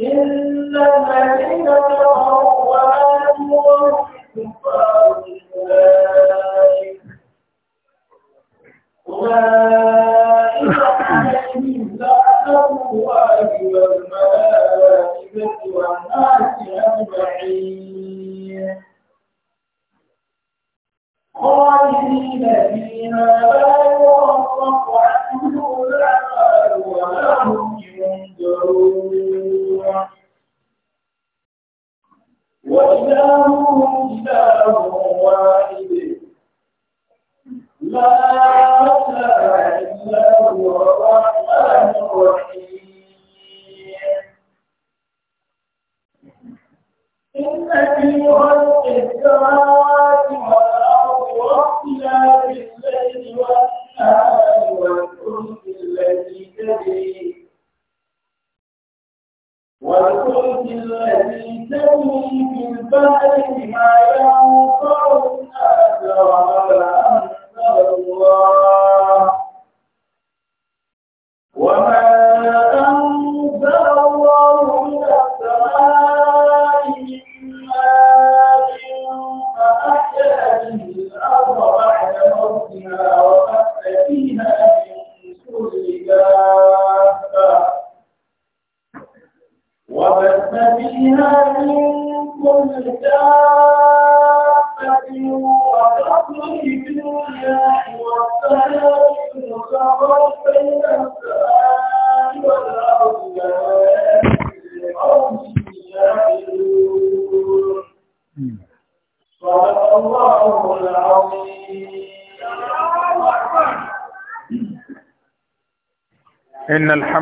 إن الذين كفروا وآمنوا بالكفار أولئك أولئك عليهم لعنة الله والملائكة والناس أجمعين خالدين فيها لا يوفق عنه لعنة ولا هم ينظرون وإلههم إله واحد لا إله إلا هو الرحمن الرحيم إن في خلق السماوات والأرض واختلاف باء بما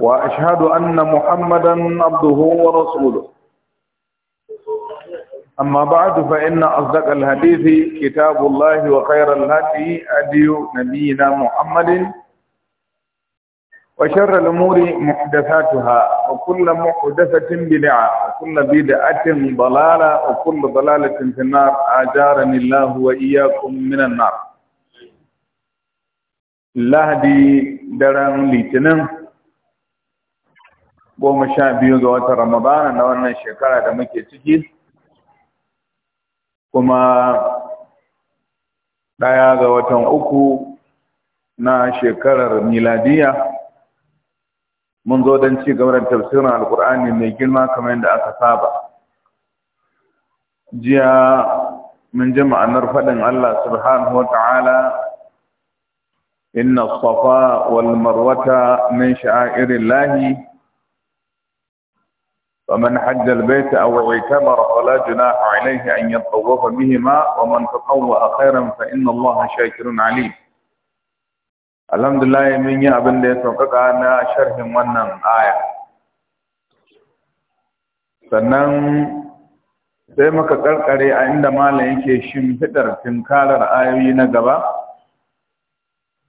وأشهد أن محمدا عبده ورسوله أما بعد فإن أصدق الحديث كتاب الله وخير الهدي هدي نبينا محمد وشر الأمور محدثاتها وكل محدثة بدعة وكل بدعة ضلالة وكل ضلالة في النار أجارني الله وإياكم من النار lahadi daren litinin goma sha biyu ga watan ramadana na wannan shekara da muke ciki kuma ɗaya ga watan uku na shekarar miladiya mun zo don ci gaba da tafsirin alkur'ani mai girma kamar yadda aka saba jiya mun ji ma'anar faɗin Allah subhanahu wa ta'ala inna safa wal marwata min sha'airillahi فمن حج البيت أو اعتمر فلا جناح عليه أن يطوف بهما ومن تطوأ خيرا فإن الله شاكر عليم الحمد لله من يأبن لي توقق أنا شرح ونن آية sannan sai muka karkare a inda malam yake shimfidar tinkarar ayoyi na gaba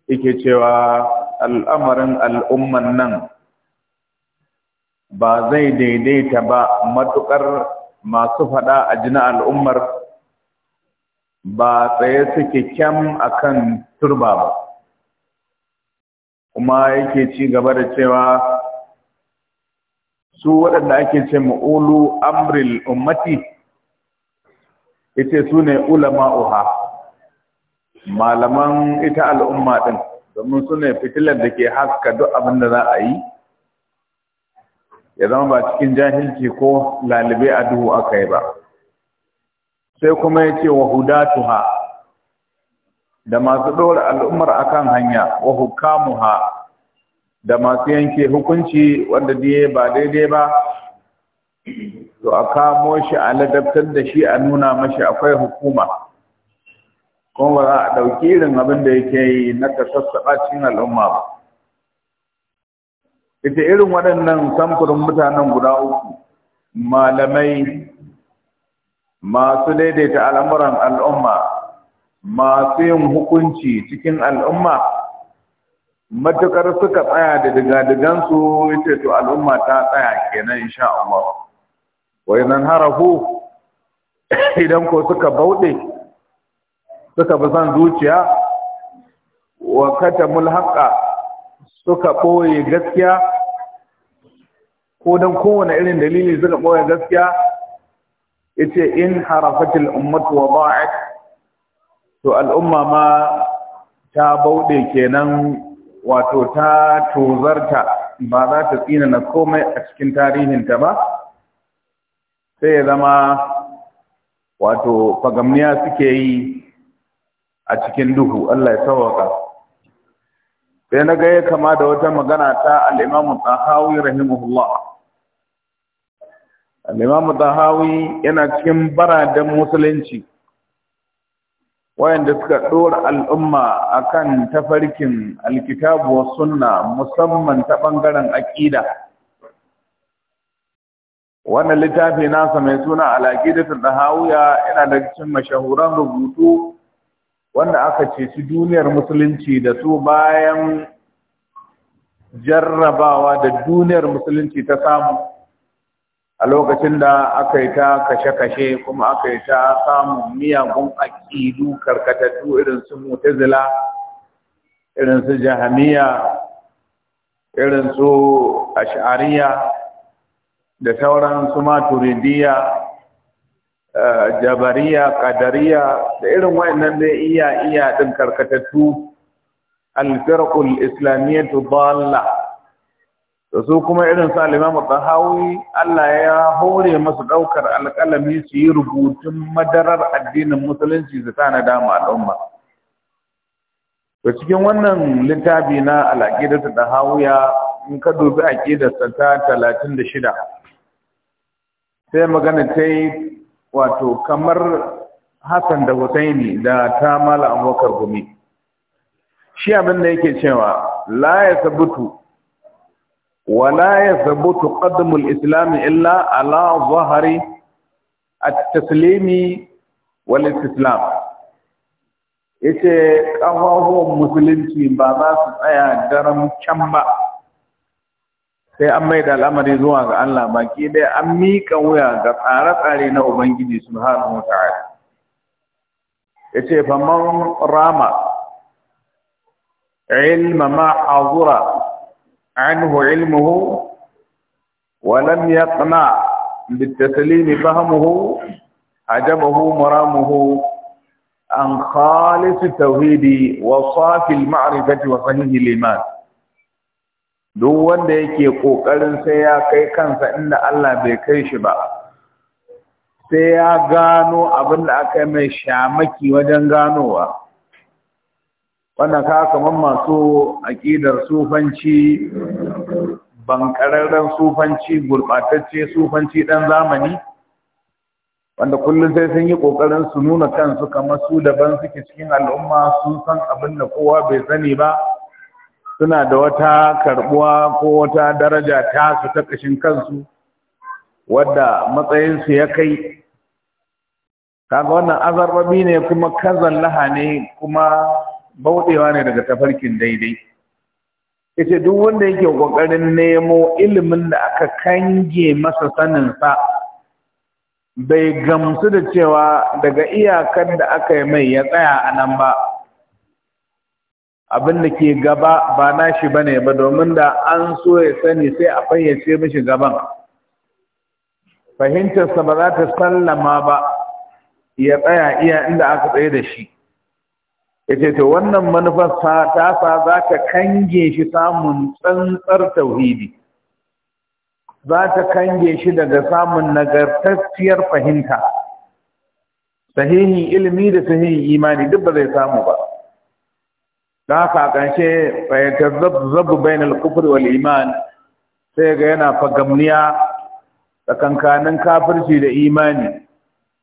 yake cewa al'amarin al'umman nan ba zai daidaita ba matukar masu faɗa a jina al'ummar ba tsaye suke kyam a kan turba ba kuma yake ci gaba da cewa su waɗanda ake ce ma'ulu amril ummati ita su ne uha malaman ita al'umma ɗin domin su ne fitilar da ke haska duk abin da za a yi ya zama ba cikin jahilci ko lalube a duhu aka yi ba sai kuma ya ce wa hudatuha da masu ɗora al'ummar akan hanya wa hukamuha da masu yanke hukunci wanda diye ba daidai ba to a kamo shi a ladabtar da shi a nuna mashi akwai hukuma kuma ba za a ɗauki irin abin da yake yi na sassaɓa cikin al'umma ba ita irin waɗannan samfurin mutanen guda uku malamai masu daidaita al'amuran al'umma masu yin hukunci cikin al'umma matukar suka tsaya da digadigansu ita to al'umma ta tsaya kenan insha Allah wai nan harafu idan ko suka bauɗe suka bi son zuciya wa katamul mulhaƙa. suka ɓoye gaskiya ko don kowane irin dalili suka ɓoye gaskiya yace in harafatil ummatu wa ba'at to al'umma ma ta bauɗe kenan wato ta tozarta ba za ta tsina na komai a cikin tarihinta ba sai ya zama wato fagamniya suke yi a cikin duhu Allah ya sawaka sai na gaya kama da wata magana ta al Tahawi rahimahullah al Tahawi yana cikin baraden musulunci wayanda suka ɗora al'umma a kan tafarkin alkitabu wa suna musamman ta ɓangaren aƙida. wannan littafi nasa mai suna al-Aqidatul Tahawiya yana da cikin mashahuran rubutu wanda aka ceci duniyar musulunci da su bayan jarrabawa da duniyar musulunci ta samu a lokacin da aka yi ta kashe-kashe kuma aka yi ta samun miyagun aƙidu karkatattu irin su mutazila irin su jahamiya irin su ashariya da sauran su maturidiya Eh, jabariya kadariya da irin wayannan da iya iya din karkatattu al-firqul islamiyyatu dalla su kuma irin sa tahawi Allah ya hore masu daukar alƙalami su yi rubutun madarar addinin musulunci su tana da al'umma to cikin wannan littafi na al-aqidatu tahawiya in ka dubi aqidatu ta 36 sai magana ta yi wato kamar Hassan da Husaini da ta mala abokar gumi shi abin da yake cewa la ya sabutu wa la ya sabutu qadmul islam illa ala zahari at-taslimi wal islam yace kafafuwan musulunci ba za su tsaya daram can ba sai an mai da al'amari zuwa ga Allah baki dai an mika wuya ga tsare-tsare na Ubangiji su hannu mutu a Ya ce, Faman rama, ilma ma azura, ainihu ilmuhu, walam ya tsana, littattalini fahimuhu, ajabahu muramuhu, an khalisi tauhidi wa safi al-ma'rifati wa sahihi liman. duk wanda yake ƙoƙarin sai ya kai kansa inda Allah bai kai shi ba sai ya gano abin da aka yi mai shamaki wajen ganowa wanda ka kamar masu aƙidar sufanci bankararren sufanci gurɓatacce sufanci ɗan zamani wanda kullum sai sun yi ƙoƙarin su nuna kansu kamar su daban suke cikin al'umma sun san abin da kowa bai sani ba suna da wata karbuwa ko wata daraja ta su ta kashin kansu wadda matsayinsu ya kai kaga wannan azarbabi ne kuma kazan laha ne kuma bauɗewa ne daga tafarkin daidai ita duk wanda yake ƙoƙarin nemo ilimin da aka kange masa saninsa bai gamsu da cewa daga iyakan da aka yi mai ya tsaya a nan ba abin da ke gaba ba nashi shi ba domin da an so ya sani sai a fayyace mashi gaban fahimtarsa ba za ta sallama ba ya tsaya iya inda aka tsaye da shi ya ce to wannan manufar sa za ta kange shi samun tsantsar tauhidi za ta kange shi daga samun nagartacciyar fahimta sahihin ilimi da sahihin imani duk ba zai samu ba da haka ƙanshe fahimtar zabu al-kufr wal iman sai ga yana fagamniya tsakankanin kafirci da imani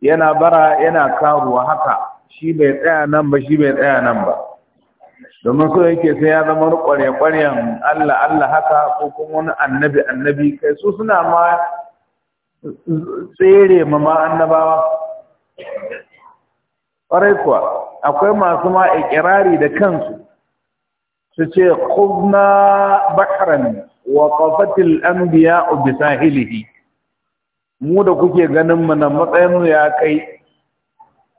yana bara yana karuwa haka shi bai tsaya nan ba shi bai tsaya nan ba domin so yake sai ya zama kwarya-kwaryan Allah Allah haka ko kuma wani annabi annabi kai su suna ma tsere ma ma annabawa ƙwarai kuwa akwai masu ma ikirari da kansu su ce khuzna bakaran wa qafatil anbiya bi Hilihi, mu da kuke ganin mu matsayin ya kai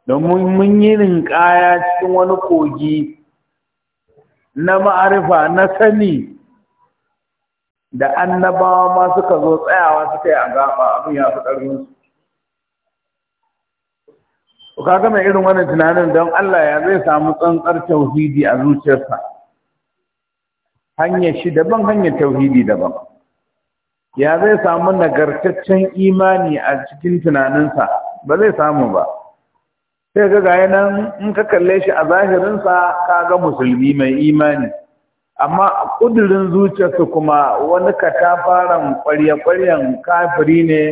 domin mun yi ninkaya cikin wani kogi na ma'arifa na sani da annabawa ma suka zo tsayawa suka yi a gaba abin ya fi ƙarfin su ka mai irin wannan tunanin don Allah ya zai samu tsantsar tauhidi a zuciyarsa hanyar shi daban hanyar tauhidi daban ya zai samu nagartaccen imani a cikin tunaninsa ba zai samu ba sai ga gaya nan in ka kalle shi a zahirinsa ka ga musulmi mai imani amma kudurin zuciyarsa kuma wani katafaren ƙwarya-ƙwaryan kafiri ne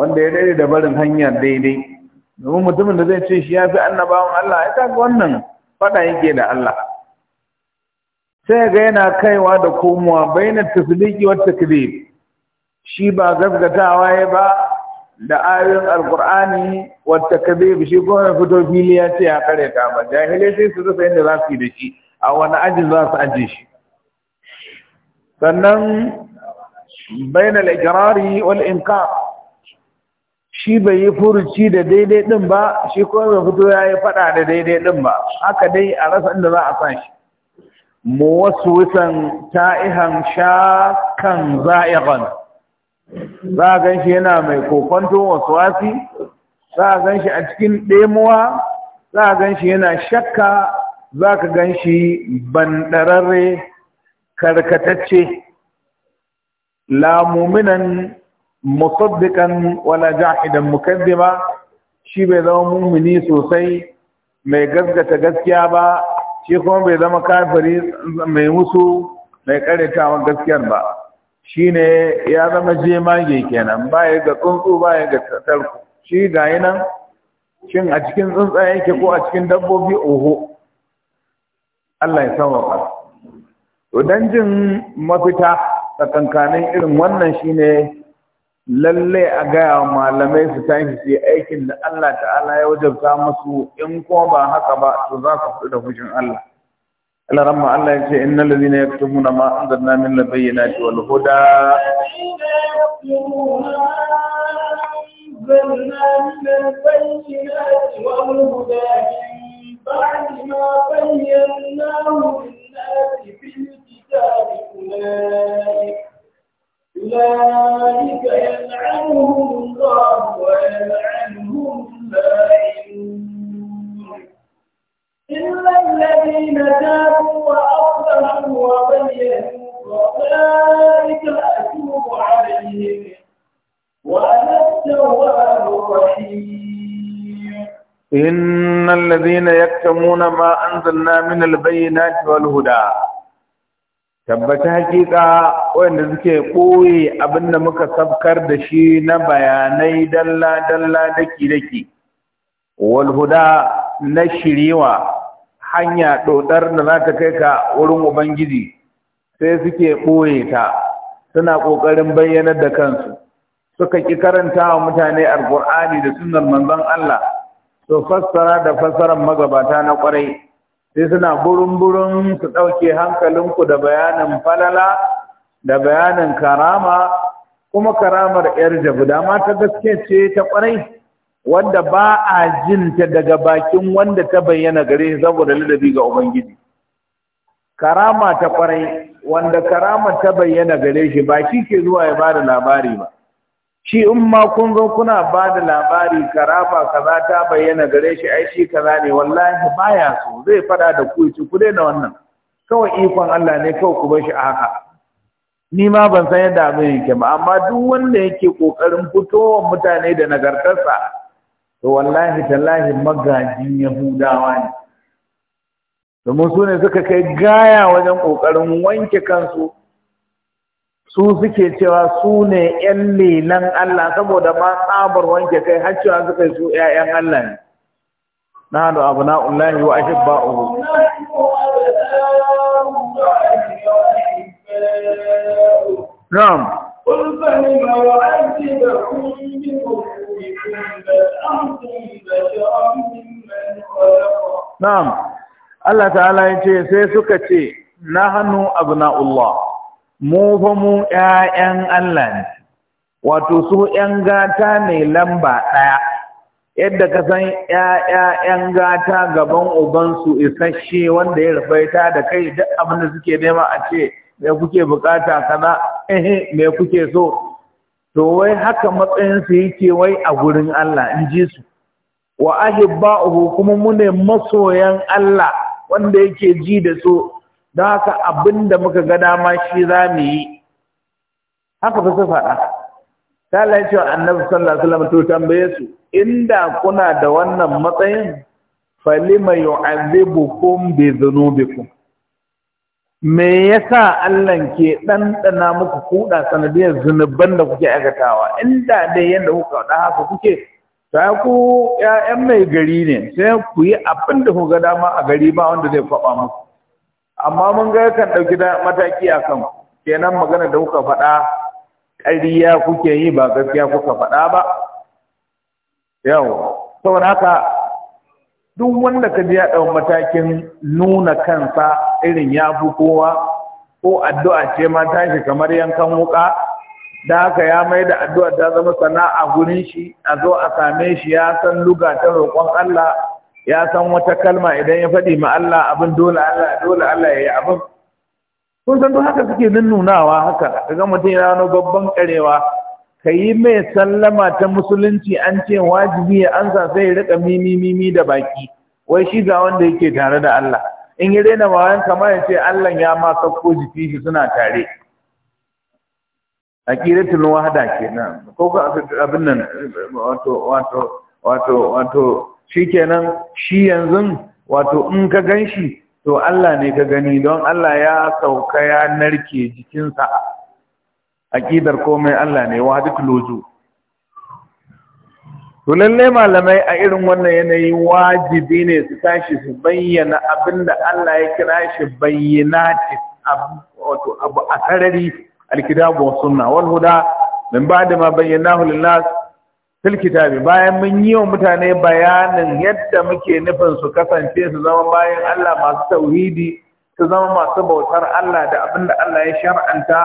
wanda ya daidai da barin hanyar daidai domin mutumin da zai ce shi ya fi annabawan Allah ya ga wannan faɗa yake da Allah sai ga yana kaiwa da komowa baina tasliki wata takdhib shi ba gaskatawa ya ba da ayoyin alkur'ani wata takdhib shi kuma fito fili ya ce ya kare ta ba jahilai sai su rasa yadda za su yi da shi a wani ajin za su aje shi sannan baina al-iqrari wal inkar shi bai yi furuci da daidai din ba shi kuma bai fito ya yi fada da daidai din ba haka dai a rasa inda za a sa shi muwaswisan ta'ihan shakan za'iqan za a ganshi yana mai kokonton waswasi za a shi a cikin ɗemuwa za a ganshi yana shakka za ka ganshi bandararre karkatacce la muminan musaddiqan wala jahidan shi bai zama mumini sosai mai gaskata gaskiya ba shi kuma bai zama kafiri mai musu mai karyatawan gaskiyar ba shi ne ya zama jemage kenan baya ga tsuntsu baya ga tarko shi ga yi nan shin a cikin tsuntsa yake ko a cikin dabbobi oho Allah ya sauwaka to dan jin mafita tsakankanin irin wannan shine Lallai a gaya malamai su tashi su aikin da Allah ta'ala ya wajabta musu in ko ba haka ba to za ka fito da fushin Allah Allah ramma Allah ya ce innal ladina yaktumuna ma anzalna min labayyinati wal huda أنزلنا من البينات والهدى من بعد ما بيناه للناس في الكتاب أولئك أولئك يلعنهم الله ويلعنهم لائمون إلا الذين تابوا وأصلحوا وبينوا فأولئك أتوب عليهم وأنا التواب الرحيم إن الذين يكتمون ما أنزلنا من البينات والهدى tabbata hakika wanda suke koyi da muka sabkar da shi na bayanai dalla-dalla daki-daki walhuda na shiriwa hanya dodar da za ta kai ka wurin ubangiji sai suke ɓoye ta suna ƙoƙarin bayyana da kansu suka ƙi karanta wa mutane alƙur'ani da sunan manzon Allah to fassara da fassarar magabata na ƙwarai sai suna burin-burin su ɗauke hankalinku da bayanin falala da bayanin karama kuma karamar yar jabu dama ta gaske ce ta ƙwarai, wanda ba a jinta daga bakin wanda ta bayyana gare saboda ladabi ga ubangiji karama ta ƙwarai, wanda karama ta bayyana gare shi ba shi ke zuwa ya ba da labari ba shi in ma kun zo kuna ba da labari karafa kaza ta bayyana gare shi ai shi kaza ne wallahi baya so zai fada da ku ci ku daina wannan kawai ikon Allah ne kawai ku bar shi a haka ni ma ban san yadda abin yake ba amma duk wanda yake kokarin fitowa mutane da nagartarsa to wallahi tallahi magajin yahudawa ne domin su ne suka kai gaya wajen kokarin wanke kansu su suke cewa su ne ‘yan lilan Allah saboda ma tsabar wanke kai har cewa suka yi su ‘ya'yan Allah ne. Na hannu abu na Allahi wa ake ba uku. Ram. Na'am, Allah ta'ala ya ce sai suka ce, Na hannu abu na Allah. mu fa mu ƴaƴan Allah ne wato su ƴan gata ne lamba ɗaya yadda ka san ƴaƴan gata gaban ubansu isasshe wanda ya ta da kai duk abin da suke nema a ce me kuke bukata kaza eh me kuke so to wai haka matsayinsu yake wai a gurin Allah in ji su wa ahibba'uhu kuma mu ne masoyan Allah wanda yake ji da su don haka abin da muka ga dama shi za mu yi haka fi su faɗa ta lai cewa annabi sallallahu alaihi wasallam to tambaye su inda kuna da wannan matsayin falima yu'adhibukum bi dhunubikum me yasa Allah ke ɗanɗana muku kuɗa sanadiyar zunuban da kuke aikatawa inda dai yadda kuka faɗa haka kuke ta ku yayan mai gari ne sai ku yi abin da ku ga dama a gari ba wanda zai faɓa muku amma mun ga yakan ɗauki mataki a kan kenan magana da kuka faɗa ƙariya kuke yi ba gaskiya kuka faɗa ba yau saboda haka duk wanda ka ji ya ɗau matakin nuna kansa irin ya fi kowa ko addu'a ce ma tashi kamar yankan wuka da haka ya mai da addu'a ta zama sana'a gurin shi a zo a same shi ya san luga ta roƙon Allah ya san wata kalma idan ya faɗi ma Allah abin dole Allah dole Allah ya yi abin kun san duk haka suke nunnunawa haka daga mutum ya wani babban karewa ka yi mai sallama ta musulunci an ce wajibi ya ansa sai ya rika mimi mimi da baki wai shi ga wanda yake tare da Allah in yi rena bayan kama ya ce Allah ya ma sauko jiki shi suna tare a ƙiratun wahada kenan ko abin nan wato wato wato wato shikenan shi yanzu wato in ka ganshi to Allah ne ka gani don Allah ya sauka ya narke jikinsa aqidar komai Allah ne wahdatul wujud to lalle malamai a irin wannan yanayi wajibi ne su tashi su bayyana abinda Allah ya kira shi abu. wato abu a sarari alkitabu wa sunna wal huda min ba'da ma bayyanahu lin nas fil bayan mun yi wa mutane bayanin yadda muke nufin su kasance su zama bayan Allah masu tauhidi su zama masu bautar Allah da abin da Allah ya shar'anta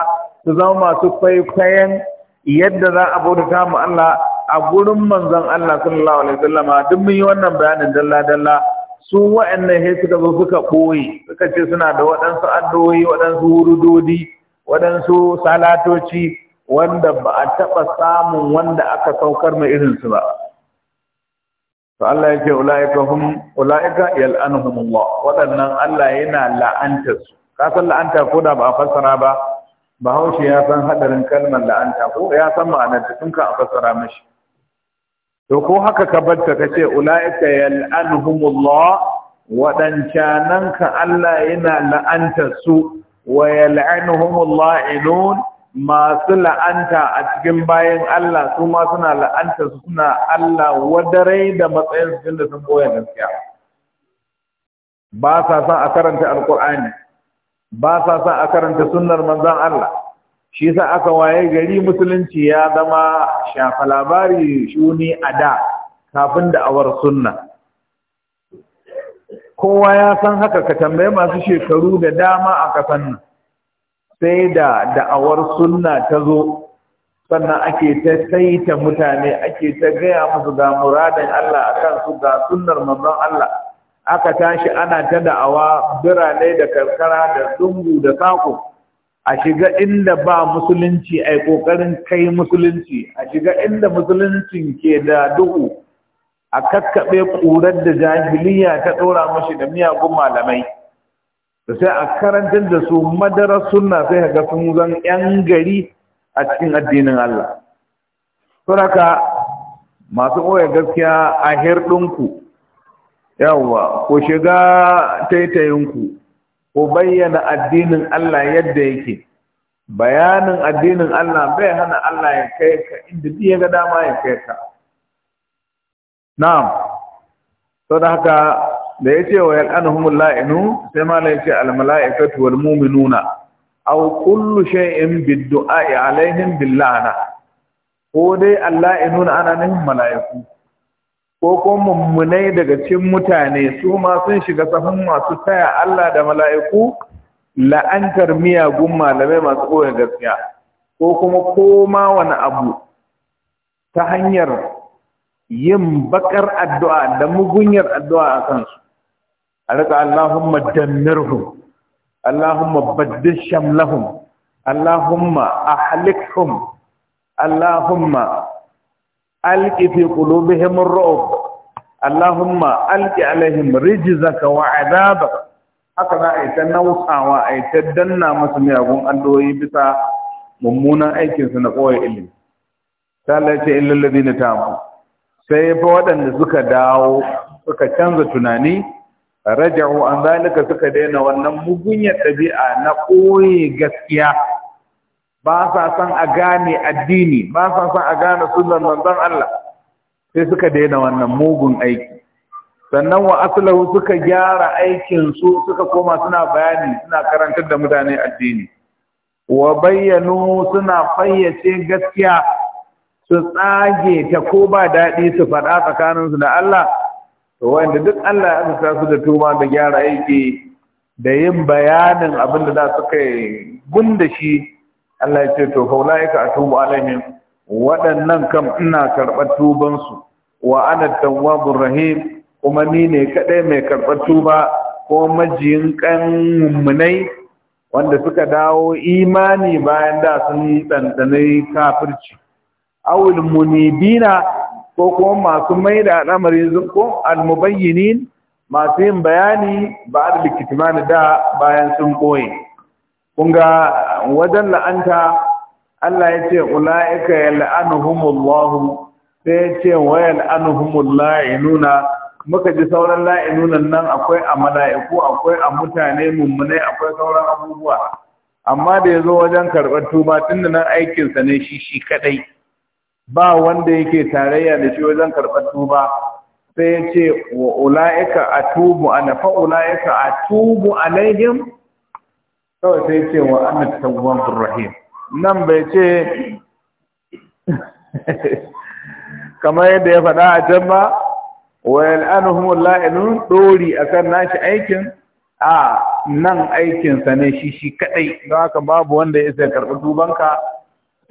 su zama masu kwaikwayon yadda za a bauta mu Allah a gurin manzon Allah sallallahu alaihi wasallam duk mun yi wannan bayanin dalla dalla su wa'annan sai suka zo suka koyi suka ce suna da waɗansu addu'o'i waɗansu hurudodi waɗansu salatoci wanda ba a taɓa samun wanda aka saukar mai irinsu ba to Allah yake ula'ika ula'ika yal'anuhumullah waɗannan Allah yana la'anta su ka san la'anta ko da ba a fassara ba bahaushe ya san haɗarin kalmar la'anta ko ya san ma'anar tun ka a fassara mashi to ko haka ka barta ka ce ula'ika yal'anuhumullah waɗancanan ka Allah yana la'anta su wa yal'anuhumul la'inun masu la'anta a cikin bayan Allah su ma suna la'anta su suna Allah wadarai da matsayin su tunda sun boye gaskiya ba sa son a karanta alkur'ani ba sa son a karanta sunnar manzon Allah shi sa aka waye gari musulunci ya zama shafa labari shuni a da kafin da awar sunna kowa ya san haka ka tambaye masu shekaru da dama a kasan nan sai da da'awar sunna ta zo sannan ake ta saita mutane ake ta gaya musu ga muradin Allah akan su ga sunnar manzon Allah aka tashi ana ta da'awa birane da karkara da dungu da sako a shiga inda ba musulunci ai ƙoƙarin kai musulunci a shiga inda musuluncin ke da duhu a kakkaɓe ƙurar da jahiliya ta ɗora mashi da miyagun malamai da sai a karantar da su madarar suna sai ga sun zan yan gari a cikin addinin Allah suraka masu ɓoye gaskiya a hirɗinku yawwa ko shiga taitayinku ko bayyana addinin Allah yadda yake bayanin addinin Allah bai hana Allah ya kai ka inda ya ga dama ya kai ka na'am saboda haka da ya ce wa ya ƙanahumul la'inu sai ma ya ce almala'ikatu wal mu'minuna aw kullu shay'in bid-du'a'i alaihim bil-la'na ko dai alla'inuna ana nan mala'iku ko ko mummunai daga cikin mutane su ma sun shiga sahun masu taya Allah da mala'iku la'antar miyagun malamai masu koyar gaskiya ko kuma koma wani abu ta hanyar yin bakar addu'a da mugunyar addu'a a kansu a rika Allahumma dammirhum Allahumma baddil shamlahum Allahumma ahlikhum Allahumma alqi fi qulubihim ar-ru'b Allahumma alqi alaihim rijzaka wa 'adabaka haka za a yi ta nausawa a yi ta danna masu miyagun alloyi bisa mummunan aikinsu na kowai ilimi ta lalace illallazi na tamu sai fa waɗanda suka dawo suka canza tunani raja'u an zalika suka daina wannan mugunyar ɗabi'a na ɓoye gaskiya ba sa san a gane addini ba sa san a gane manzon Allah sai suka daina wannan mugun aiki sannan wa aslahu suka gyara aikin su suka koma suna bayani suna karantar da mutane addini wa bayyanu suna fayyace gaskiya su tsage ta ko ba daɗi su faɗa tsakaninsu da Allah to wanda duk Allah ya azurta su da tuba da gyara aiki da yin bayanin abin da za su kai gunda shi Allah ya ce to faulaika atubu alaihim waɗannan kam ina karɓar tubansu wa ana tawwabur rahim kuma ni ne kaɗai mai karɓar tuba ko majiyin kan munai wanda suka dawo imani bayan da sun yi ɗanɗanai kafirci awul munibina ko kuma masu mai da al'amarin ko almubayyinin masu yin bayani ba da da bayan sun kun Kunga wajen la'anta Allah ya ce, Ula'ika ya la'anuhumullahu sai ya ce, wa la'inuna, muka ji sauran la'inunan nan akwai a mala'iku, akwai a mutane mummunai, akwai sauran abubuwa. Amma da ya zo wajen karɓar tuba tun da nan aikinsa ne shi shi kaɗai. ba wanda yake tarayya da shi wajen karɓar tuba sai ya ce wa ula'ika a tubu ana fa ula'ika a tubu alaihim kawai sai ce wa ana tawwan rahim nan bai ce kamar yadda ya faɗa a can ba wa yal'anuhum la'inun dori akan nashi aikin a nan aikinsa ne shi shi kadai don haka babu wanda ya sai karɓi tubanka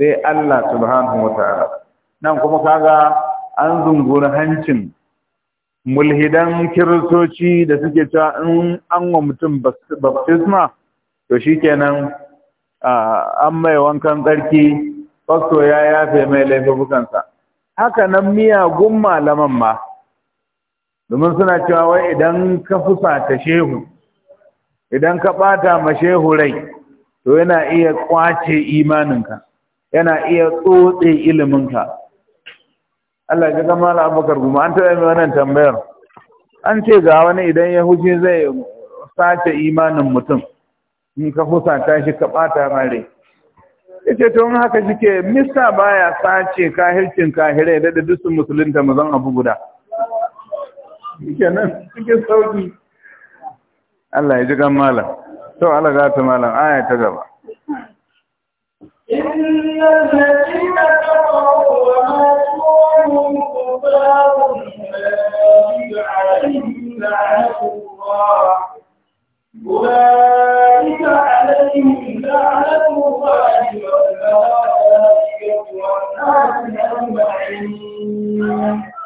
sai Allah subhanahu wa ta'ala nan kuma kaga an zungura hancin mulhidan kiristoci da suke cewa in an wa mutum baptisma to shikenan an mai wankan tsarki fasto ya yafe mai laifukansa haka nan miyagun malaman ma domin suna cewa wai idan ka fusata shehu idan ka ɓata ma shehu rai to yana iya kwace imaninka yana iya tsotse iliminka Allah ya ga mala abubakar kuma an taɓa mai wannan tambayar an ce ga wani idan ya huce zai sace imanin mutum in ka husata shi ka ɓata mare ya ce tun haka shike mista baya sace kahircin kahirai da duk musulunta zan abu guda nan cikin sauki Allah ya ji gan malam to Allah za ta malam aya ta gaba إن الذين كفروا وماتوا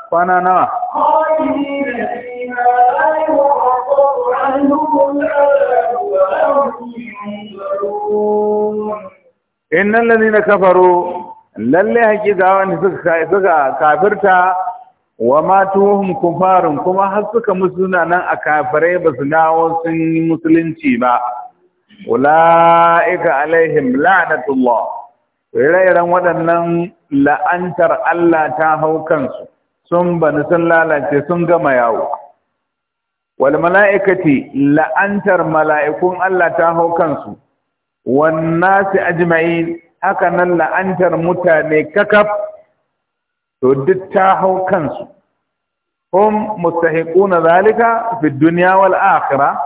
kwana nawa innal ladina kafaru lalle hakika wanda suka suka kafirta wa matuhum kufarun kuma har suka musuna nan a kafirai ba su dawo sun yi musulunci ba ula'ika alaihim la'natullah rairan waɗannan la'antar Allah ta hau kansu sun bani sun lalace sun gama yawo wal mala'ikati la'antar mala'ikun Allah ta hau kansu wan nasi ajma'in haka nan la'antar mutane kakaf to duk ta hau kansu hum mustahiquna zalika fi dunya wal akhirah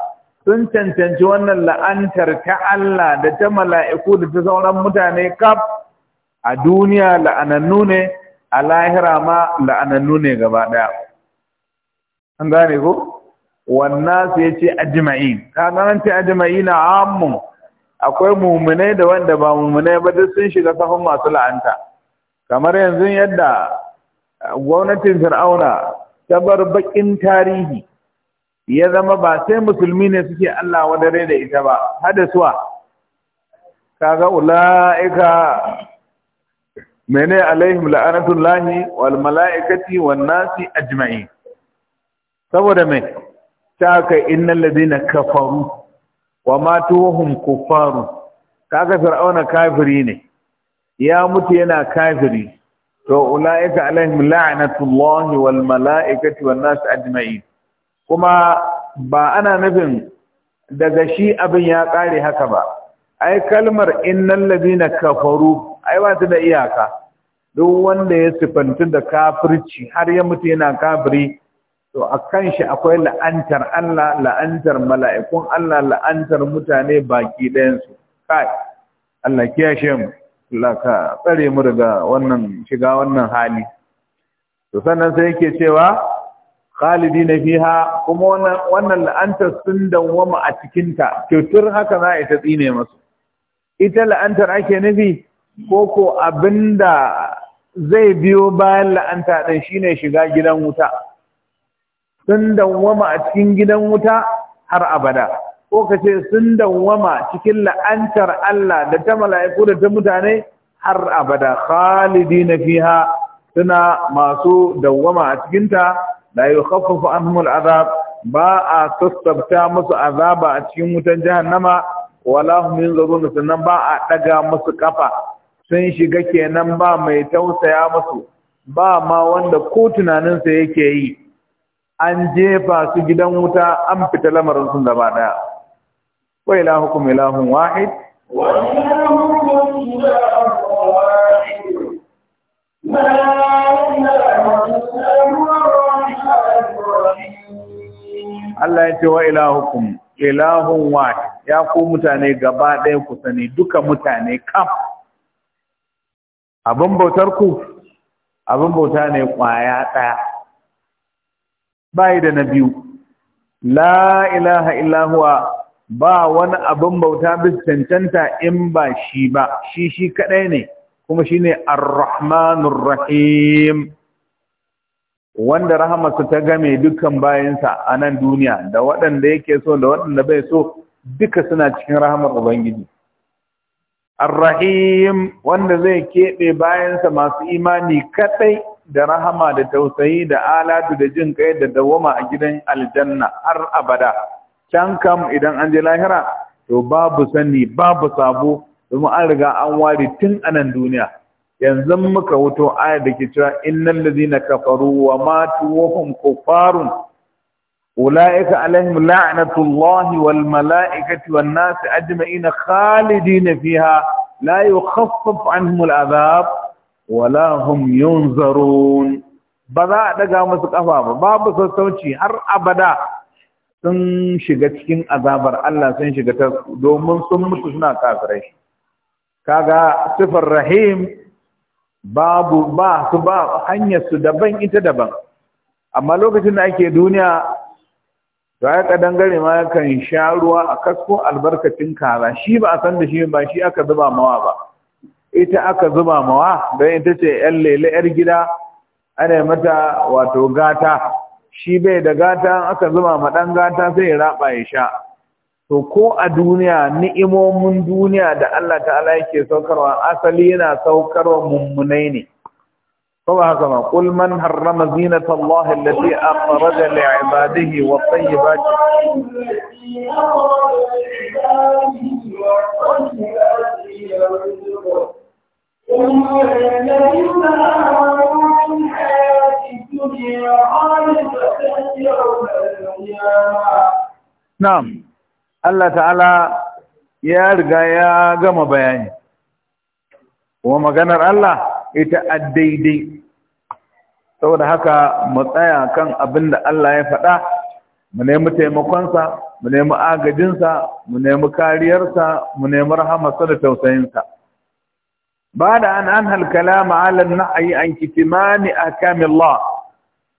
sun cancanci wannan la'antar ta Allah da ta mala'iku da ta sauran mutane kaf a duniya la'anannu ne a lahira ma la'anannu ne gaba daya an gane ko wannan sai ya ce ajma'in ka ga ce ajma'ina ammun akwai mumunai da wanda ba mumunai ba duk sun shiga safin masu la'anta kamar yanzu yadda gwamnatin fir'auna ta bar bakin tarihi ya zama ba sai musulmi ne suke Allah wa dare da ita ba hada suwa kaga ula'ika mene alaihim la'anatullahi wal mala'ikati wan nasi ajma'in saboda mai ta kai innal ladina kafaru wa matuhum kufaru kaga fir'auna kafiri ne ya mutu yana kafiri to ulaika alaihim la'natullahi wal mala'ikati wan nas ajma'in kuma ba ana nufin daga shi abin ya kare haka ba ai kalmar innal ladina kafaru ai ba ta da iyaka duk wanda ya sifantu da kafirci har ya mutu yana kafiri to a kan shi akwai la'antar Allah la'antar mala'ikun Allah la'antar mutane baki ɗayansu kai Allah kiyashe mu Allah ka tsare mu daga wannan shiga wannan hali to sannan sai yake cewa na fiha kuma wannan la'antar sun dawwama a cikin ta tutur haka za a ta tsine masu ita la'antar ake nufi ko ko abinda zai biyo bayan la'anta din shine shiga gidan wuta sun dawwama a cikin gidan wuta har abada ko ka ce sun dawwama cikin la'antar Allah da ta mala'iku da ta mutane har abada khalidina fiha suna masu dawwama a cikinta la yukhaffafu anhum azab. ba a sassabta musu azaba a cikin wutan jahannama wala hum yunzaruna sannan ba a daga musu kafa sun shiga kenan ba mai tausaya musu ba ma wanda ko tunaninsa yake yi an jefa su gidan wuta an fita lamarin sun gaba daya wa ilahukum ilahun wahid wa ilahukum ilahun wahid Allah ya ce wa ilahukum ilahun wahid ya ku mutane gaba ɗaya ku sani duka mutane kam abin bautar ku abin bauta ne kwaya ɗaya bai da na biyu la ilaha illa ba wani abin bauta bis cancanta in ba shi ba shi shi kadai ne kuma shine ar rahim wanda rahamarsa ta game dukkan bayansa a nan duniya da waɗanda yake so da waɗanda bai so duka suna cikin rahamar ubangiji arrahim rahim wanda zai keɓe bayansa masu imani kadai da rahama da tausayi da alatu da jin kai da dawama a gidan aljanna har abada can kam idan an je lahira to babu sani babu sabo domin an riga an ware tun anan duniya yanzu muka wuto aya da ke cewa innal ladina kafaru wa matu wa hum kuffarun ulaika alaihim la'natullahi wal mala'ikati wan nasi ajma'ina khalidina fiha la yukhaffaf anhum al'adab wala hum yunzarun ba za a daga musu kafa ba babu sassauci har abada sun shiga cikin azabar Allah sun shiga ta domin sun mutu suna kafirai kaga sifar rahim babu ba su ba hanyar su daban ita daban amma lokacin da ake duniya to ai kadan gare ma kan sha ruwa a kasko albarkacin kaza shi ba a san da shi ba shi aka zuba mawa ba ita aka zuba mawa don ita ce ‘yan lele ‘yar gida ana mata wato gata shi bai da gata aka zuba ma ɗan gata sai ya raba ya sha to ko a duniya ni'imomin duniya da Allah ta'ala yake saukarwa asali yana saukarwa mummunai ne kuma haka ma qul man harrama zinata Allah allati akhraja da wa tayyibati Thank you. هم allah ta'ala ya riga ya gama bayani kuma maganar Allah ita a daidai saboda haka mu tsaya kan abin da Allah ya faɗa mu nemi taimakonsa mu nemi agajinsa mu nemi kariyarsa mu nemi rahamarsa da tausayinsa بعد أن أنهى الكلام على النعي عن كتمان أحكام الله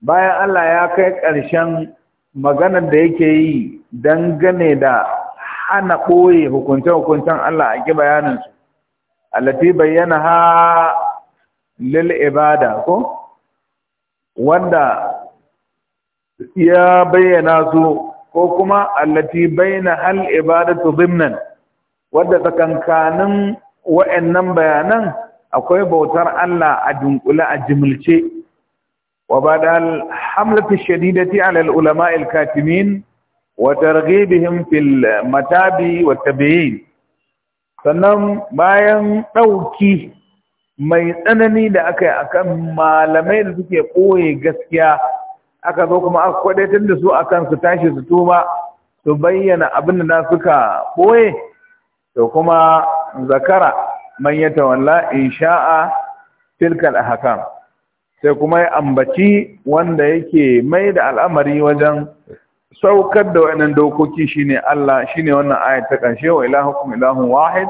bayan Allah ya kai ƙarshen maganar da yake yi dangane da hana ɓoye hukunce-hukuncen Allah a ki bayaninsu, allati bayyana ha ibada ko? Wanda ya bayyana su ko kuma allati bayyana hal ibadatu zimnan, wadda tsakankanin wa'annan bayanan akwai bautar Allah a dunkule a jimilce wa badal hamlatu shadidati ala al-ulama al-katimin wa targhibihim fil matabi wa tabi'in sannan bayan ɗauki mai tsanani da aka yi akan malamai da suke ɓoye gaskiya aka zo kuma aka kwadaitar da su akan su tashi su tuba su bayyana abin da suka ɓoye. to kuma zakara man tawalla in sha'a tilkal ahkam sai kuma ya ambaci wanda yake mai da al'amari wajen saukar da wannan dokoki shine Allah shine wannan ayat ta kanshe wa ilahukum ilahun wahid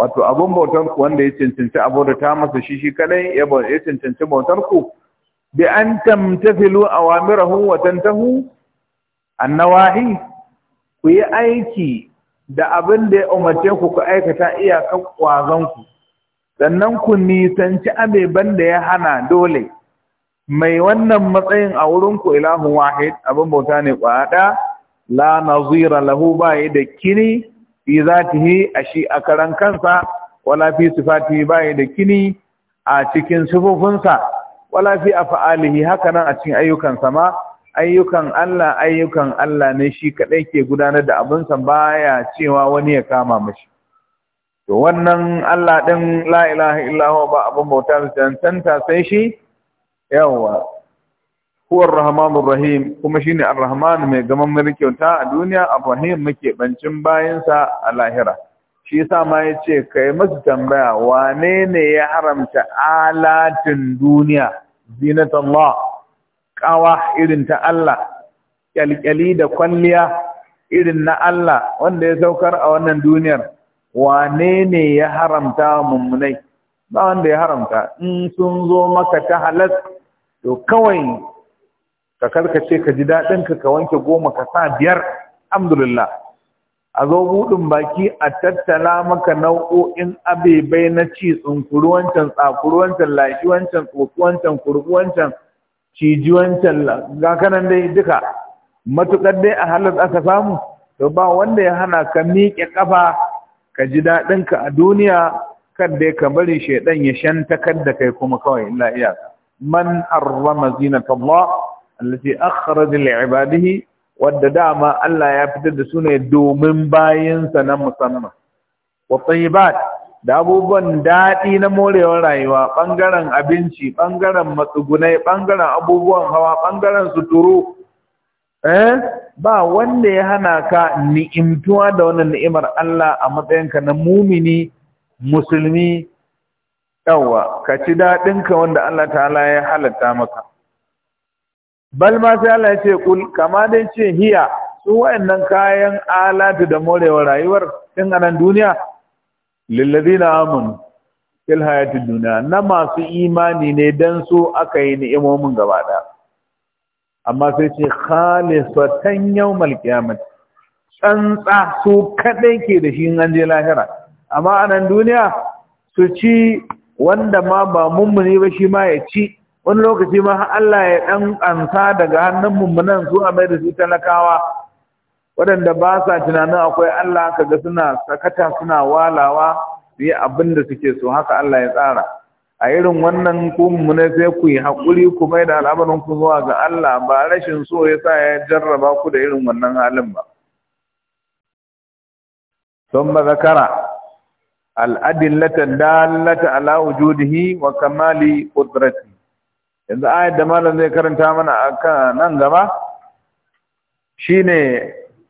wato abun bautar ku wanda ya cancanci abu ta masa shi shi kadai ya cancanci bautar ku bi an tamtathilu awamirahu wa tantahu annawahi ku yi aiki da abin da ya umarce ku ku aikata iyakan ƙwazonku sannan ku nisanci abeban da ya hana dole mai wannan matsayin a wurin ku, ilahu wahid abin bauta ne ƙwaɗa la nazira lahu baya da kini fi zatihi a shi a karan kansa wala fi sifatihi baya da kini a cikin sifofinsa wala fi af'alihi haka nan a cikin ayyukansa ma ayyukan Allah ayyukan Allah ne shi kadai ke gudanar da abinsa baya cewa wani ya kama mashi to wannan Allah ɗin la ilaha illahu ba abun bauta tantanta sai shi yawa huwa arrahmanur rahim kuma shine arrahman mai gaman kyauta a duniya a rahim muke bancin bayansa a lahira shi yasa ma yace kai masu tambaya wane ne ya haramta alatin duniya zinatullah ƙawa irin ta Allah ƙyalƙyali da kwalliya irin na Allah wanda ya saukar a wannan duniyar wane ne ya haramta mummunai ba wanda ya haramta in sun zo maka ta halas to kawai ka karkace ka ji daɗinka ka wanke goma ka sa biyar alhamdulillah a zo buɗin baki a tattala maka nau'o'in abebai na ci tsunkuru wancan tsakuru wancan lashi wancan tsotsu wancan kurbu wancan ciji wancan gakanan dai duka matukar dai a halar aka samu to ba wanda ya hana ka miƙe ƙafa ka ji daɗinka a duniya kan dai ka bari shaidan ya shantakar da kai kuma kawai illa iya man arrama zinata Allah allati akhraja li ibadihi wadda dama Allah ya fitar da su ne domin bayinsa na musamman wa tayyibat da abubuwan daɗi na morewar rayuwa ɓangaren abinci ɓangaren matsugunai ɓangaren abubuwan hawa ɓangaren suturu eh ba wanda ya hana ka ni'imtuwa da wannan ni'imar Allah a matsayinka na mumini musulmi yawa ka ci daɗinka wanda Allah ta'ala ya halatta maka bal ma sai Allah ya ce kul kama dai ce hiya su wayannan kayan alatu da morewar rayuwar tun a nan duniya lillazina amanu fil hayatid dunya na masu imani ne dan su aka yi ni'imomin gaba da amma sai ce khalisatan yawmal qiyamah tsantsa su kadai ke da shi an je lahira amma anan duniya su ci wanda ma ba mummuni ba shi ma ya ci wani lokaci ma Allah ya ɗan ansa daga hannun mummunan su a mai da su talakawa waɗanda ba sa tunanin akwai Allah ga suna sakata suna walawa su yi abin da suke so haka Allah ya tsara a irin wannan ku ne sai ku yi haƙuri ku mai da al'amarin ku zuwa ga Allah ba rashin so ya sa ya jarraba ku da irin wannan halin ba ثم ذكر dalata ala wujudihi wa Kamali kudrati yanzu ayat da malam zai karanta mana a nan gaba shine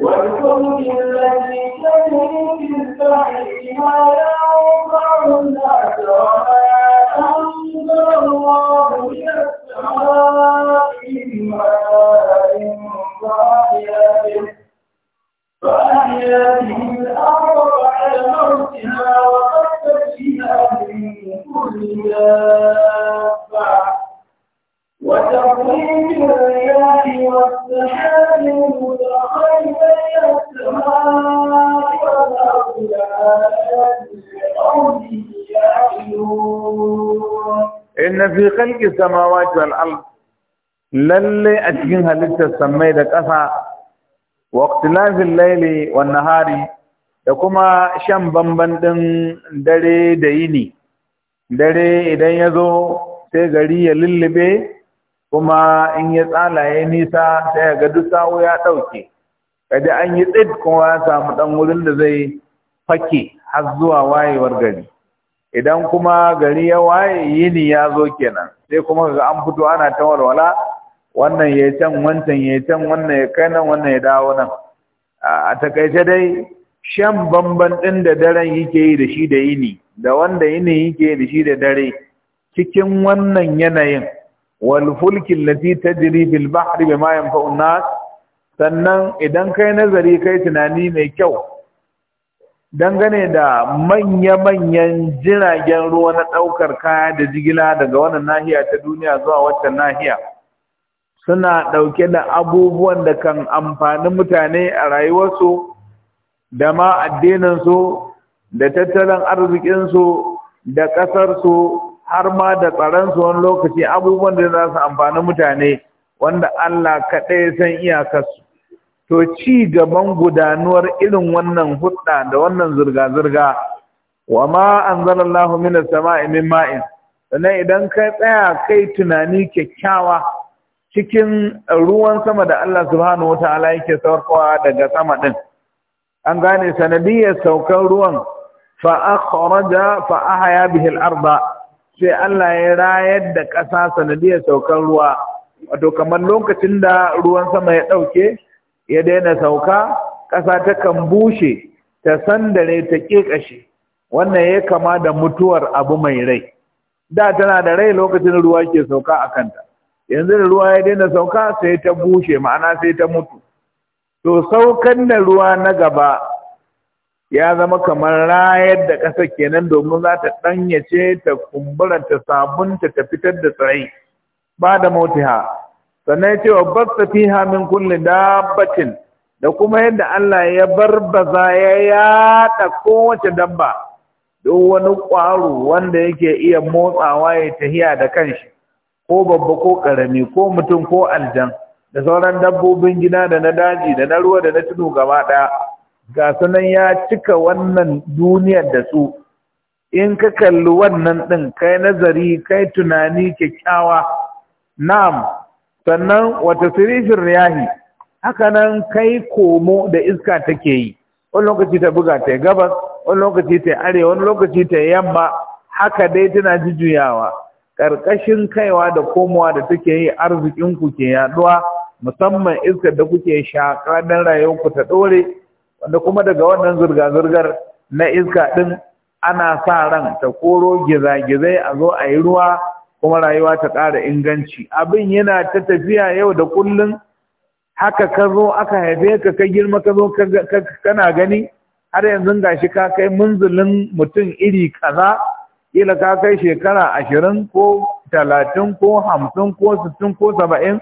والفلك التي تجري في البحر ما ينفع الناس وما الله من السماء من ماء به فأحيا الأرض بعد موتها وقد فيها من كل دابة وتقليل الرياح والسحاب المتخيل السماء والأرض لآيات لقوم يعقلون إن في خلق السماوات والأرض lalle a cikin halittar sammai da ƙasa wa ikhtilafil laili wan hari? da kuma shan bamban ɗin dare da yini dare idan ya zo sai gari ya lullube kuma in ya tsalaye nisa sai ga duk sawo ya ɗauke kaji an yi tsid kuma ya samu ɗan wurin da zai fake har zuwa wayewar gari idan kuma gari ya waye yini ya zo kenan sai kuma ga an fito ana ta walwala wannan ya can wancan ya can wannan ya kai nan wannan ya dawo nan a takaice dai shan bamban ɗin da daren yake yi da shi da yini da wanda yini yake yi da shi da dare cikin wannan yanayin والفلك التي تجري tajri bil bahri bima sannan idan kai nazari kai tunani mai kyau dangane da manya-manyan jiragen ruwa na ɗaukar kaya da jigila daga wannan nahiya ta duniya zuwa wata nahiya suna ɗauke da abubuwan da kan amfani mutane a rayuwarsu da ma addininsu da tattalin arzikinsu da ƙasarsu har ma da tsaransu wani lokaci abubuwan da za su amfani mutane wanda Allah kaɗai san iyakarsu. To ci gaban gudanuwar irin wannan hudda da wannan zirga-zirga, wa ma an Allah minas sama'i min ma'in, sannan idan ka tsaya kai tunani kyakkyawa cikin ruwan sama da Allah subhanahu wa ta'ala yake saukowa daga sama ɗin. An gane sanadiyar saukan ruwan fa'a fa'ahaya bihil arba. sai Allah ya rayar da ƙasa sanadiyar saukan ruwa wato kamar lokacin da ruwan sama ya ɗauke ya daina sauka ƙasa ta kan bushe ta sandare ta ƙeƙashe wannan ya kama da mutuwar abu mai rai da tana da rai lokacin ruwa ke sauka a kanta yanzu da ruwa ya daina sauka sai ta bushe ma'ana sai ta mutu to saukan da ruwa na gaba ya zama kamar rayar da ƙasa kenan domin za ta ɗanyace ta kumbura ta sabunta ta fitar da tsirai ba da mautiha. sannan ya ce wa basta fi min kulli dabbatin da kuma yadda Allah ya bar barbaza ya yaɗa kowace dabba duk wani ƙwaro wanda yake iya motsawa ya tahiya da kanshi ko babba ko ƙarami ko mutum ko aljan da sauran dabbobin gida da na daji da na ruwa da na tudu gaba ɗaya ga sunan ya cika wannan duniyar da su in ka kalli wannan ɗin kai nazari kai tunani kyakkyawa na'am sannan wata sirifin riyahi haka nan kai komo da iska take yi wani lokaci ta buga ta gabas wani lokaci ta arewa wani lokaci ta yamma haka dai tana jujjuyawa ƙarƙashin kaiwa da komowa da take yi arzikinku ke yaduwa musamman iskar da kuke shaƙa don rayuwarku ta ɗore wanda kuma daga wannan zirga-zirgar na iska ɗin ana sa ran ta koro gizagizai a zo a yi ruwa kuma rayuwa ta ƙara inganci abin yana ta tafiya yau da kullum haka ka zo aka haife ka ka girma ka zo kana gani har yanzu ga shi ka kai munzulin mutum iri kaza kila ka kai shekara ashirin ko talatin ko hamsin ko sittin ko saba'in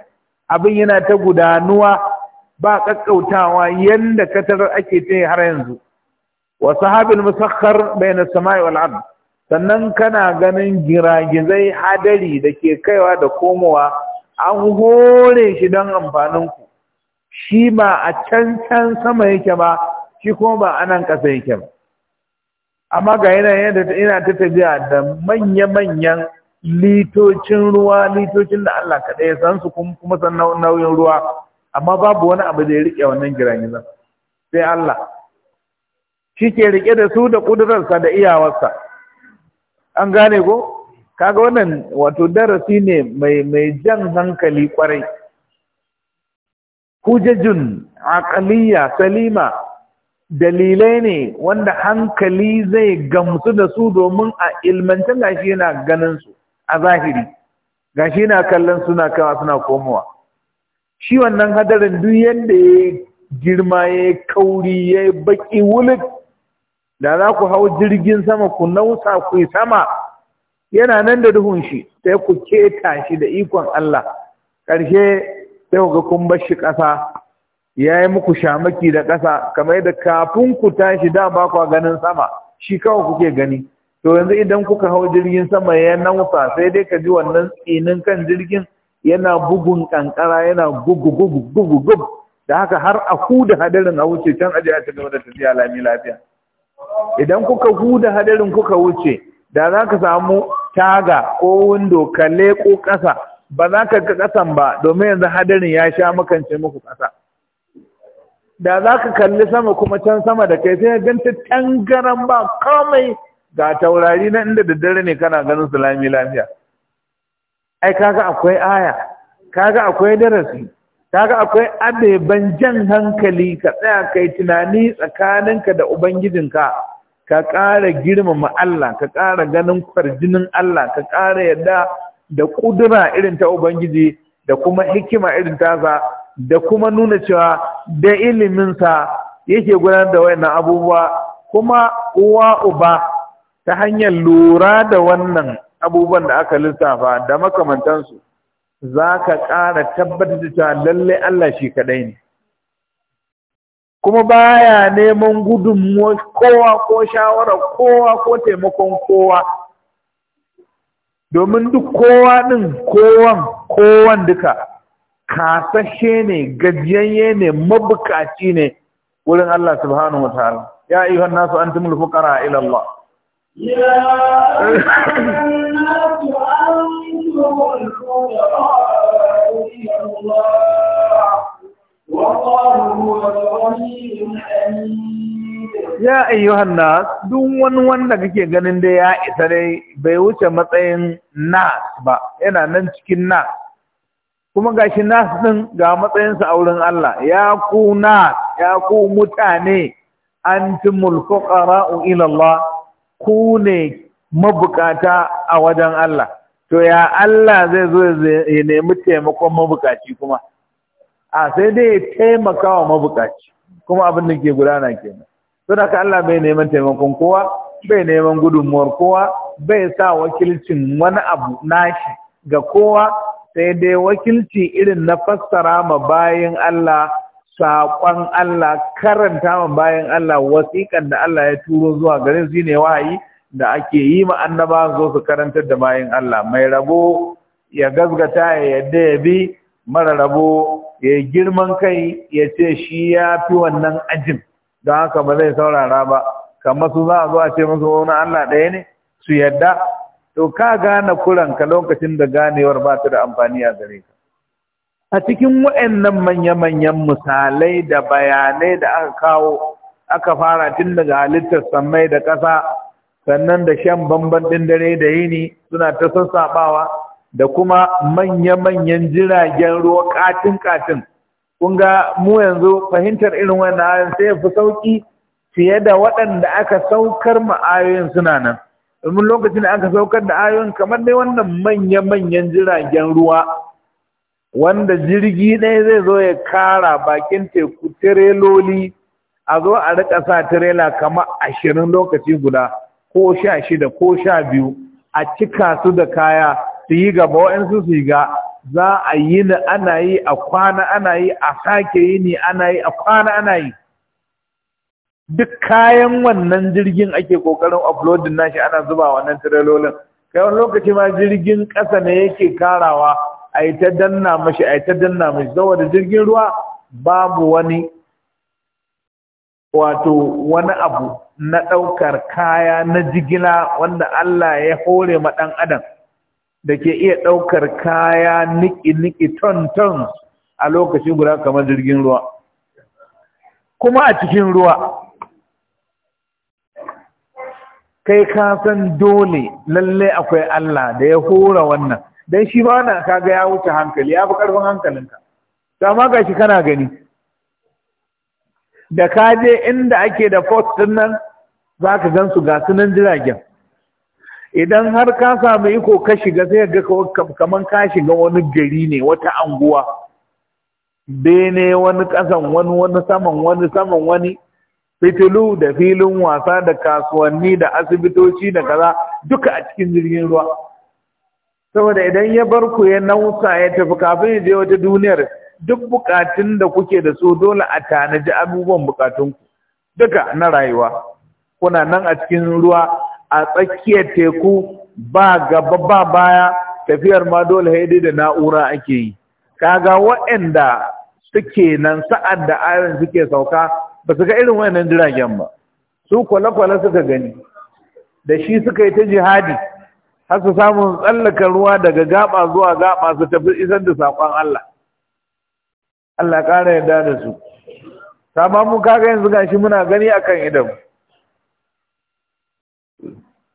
abin yana ta gudanuwa ba kakkautawa yanda katarar ake ta har yanzu wa sahabil musakhkhar bayna samai wal ard sannan kana ganin giragizai hadari da ke kaiwa da komowa an hore shi don amfanin ku shi ba a can can sama yake ba shi kuma ba a nan ƙasa yake ba amma ga yanayin yana ta tafiya da manya-manyan litocin ruwa litocin da Allah kaɗai san su kuma san nauyin ruwa amma babu wani abu da ya riƙe wannan girangizan sai Allah shi ke riƙe da su da ƙudurarsa da iyawarsa an gane ko kaga wannan wato darasi ne mai mai jan hankali kwarai hujajun Akaliya salima dalilai ne wanda hankali zai gamsu da su domin a ilmantar gashi yana ganin su a zahiri gashi yana kallon suna kawa suna komowa shi wannan hadarin duk yadda ya girma ya kauri ya baki wulik da za ku hau jirgin sama ku nausa ku sama yana nan da duhun shi sai ku keta shi da ikon Allah ƙarshe sai ku ga kun bar shi ƙasa ya yi muku shamaki da ƙasa kamar yadda kafin ku tashi da ba ku ganin sama shi kawai kuke gani to yanzu idan kuka hau jirgin sama ya nausa sai dai ka ji wannan tsinin kan jirgin yana bugun kankara yana gugu gugu gugu gugu da haka har a huda hadarin a wuce can aje a cigaba da tafiya lami lafiya idan kuka huda hadarin kuka wuce da za ka samu taga ko windo ka leko ƙasa ba za ka ga ƙasan ba domin yanzu hadarin ya sha makance muku ƙasa da za ka kalli sama kuma can sama da kai sai ganta tangaran ba komai ga taurari na inda daddare ne kana ganin su lami lafiya ai kaga akwai aya kaga akwai darasi kaga akwai adeban jan hankali ka tsaya kai tunani tsakaninka da ubangijinka ka ƙara girmama Allah ka ƙara ganin kwarjinin Allah ka ƙara yadda da ƙudura irin ta ubangiji da kuma hikima irin tasa da kuma nuna cewa da iliminsa yake gudanar da wayannan abubuwa kuma uwa uba ta hanyar lura da wannan abubuwan da aka lissafa da makamantansu za ka ƙara tabbatar da cewa lalle Allah shi kaɗai ne kuma baya neman gudun kowa ko shawara kowa ko taimakon kowa domin duk kowa ɗin kowan kowan duka kasashe ne gajiyayye ne mabukaci ne wurin Allah subhanahu wa ta'ala ya ayyuhan nasu antumul fuqara ila Allah ya الناس أنتم duk wani wanda kake ganin da ya isa dai bai wuce matsayin nas ba yana nan cikin nas kuma gashi nas din ga matsayinsa a wurin Allah ya ku nas ya ku mutane antumul fuqara ila Allah ku ne mabukata a wajen Allah to ya Allah zai zo ya nemi taimakon mabukaci kuma a sai dai ya taimaka wa mabukaci kuma abin da ke gudana kenan don haka Allah bai neman taimakon kowa bai neman gudunmuwar kowa bai sa wakilcin wani abu nashi ga kowa sai dai wakilci irin na fassara ma bayin Allah saƙon Allah karanta ma bayan Allah wasiƙan da Allah ya turo zuwa garin sune ne wahayi da ake yi ma annaba zo su karantar da bayan Allah mai rabo ya gazgata ya yadda ya bi mara rabo ya girman kai ya ce shi ya fi wannan ajin don haka ba zai saurara ba kamar su za a zo a ce musu wani Allah ɗaya ne su yadda to ka gane ka lokacin da ganewar ba ta da amfani a gare ka a cikin waɗannan manya-manyan misalai da bayanai da aka kawo aka fara tun daga halittar samai da ƙasa sannan da shan bamban ɗin dare da yini suna ta sassaɓawa da kuma manya-manyan jiragen ruwa katin-katin kun ga mu yanzu fahimtar irin wannan ayoyin sai fi sauƙi fiye da waɗanda aka saukar ma ayoyin suna nan domin lokacin da aka saukar da ayoyin kamar dai wannan manya-manyan jiragen ruwa wanda jirgi ɗaya zai zo ya kara bakin teku tireloli a zo a rika sa tirela kamar ashirin lokaci guda ko sha shida ko sha biyu a cika su da kaya su yi gaba waɗansu su yi ga za a yi ni ana yi a kwana ana yi a sake yi ni ana yi a kwana ana yi duk kayan wannan jirgin ake kokarin uploading nashi ana zuba wannan tirelolin kai wani lokaci ma jirgin ƙasa ne yake karawa a yi ta danna mashi a yi ta danna mashi saboda jirgin ruwa babu wani wato wani abu na ɗaukar kaya na jigila wanda Allah ya hore ma ɗan adam da ke iya ɗaukar kaya niki-niki ton-ton a lokacin guda kamar jirgin ruwa kuma a cikin ruwa kai ka san dole lalle akwai Allah da ya hura wannan dan shi ma wannan kaga ya wuce hankali ya fi karfin hankalinka to amma gashi kana gani da ka je inda ake da port din nan ka gan su ga sunan jiragen idan har ka samu iko ka shiga sai ga kaman ka shiga wani gari ne wata anguwa bene wani kasan wani wani saman wani saman wani fitilu da filin wasa da kasuwanni da asibitoci da kaza duka a cikin jirgin ruwa saboda idan ya bar ku ya nausa ya tafi kafin ya je wata duniyar duk bukatun da kuke da su dole a tanaji abubuwan bukatunku duka na rayuwa kuna nan a cikin ruwa a tsakiyar teku ba gaba ba baya tafiyar ma dole haidai da na'ura ake yi kaga waɗanda suke nan sa'ad da ayon suke sauka ba su ga irin wayannan jiragen ba su kwale-kwale suka gani da shi suka yi ta jihadi har su samu tsallaka ruwa daga gaba zuwa gaba su tafi isar da saƙon Allah Allah ƙara yadda da su sama mu kaga yanzu gashi muna gani akan idan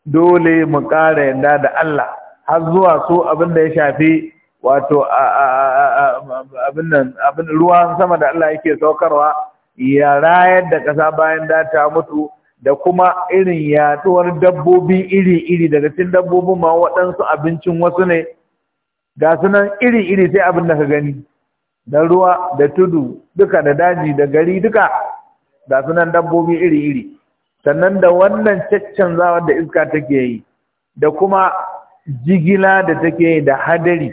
dole mu ƙara yarda da Allah har zuwa su abin da ya shafi wato abin ruwan sama da Allah yake saukarwa ya rayar ƙasa bayan da ta mutu da kuma irin yaduwar dabbobi iri-iri daga cikin dabbobin ma waɗansu abincin wasu ne ga sunan iri-iri sai abin da ka gani da ruwa da tudu duka da daji da gari duka ga sunan dabbobi iri-iri sannan da wannan caccanzawa da iska take yi da kuma jigila da take yi da hadari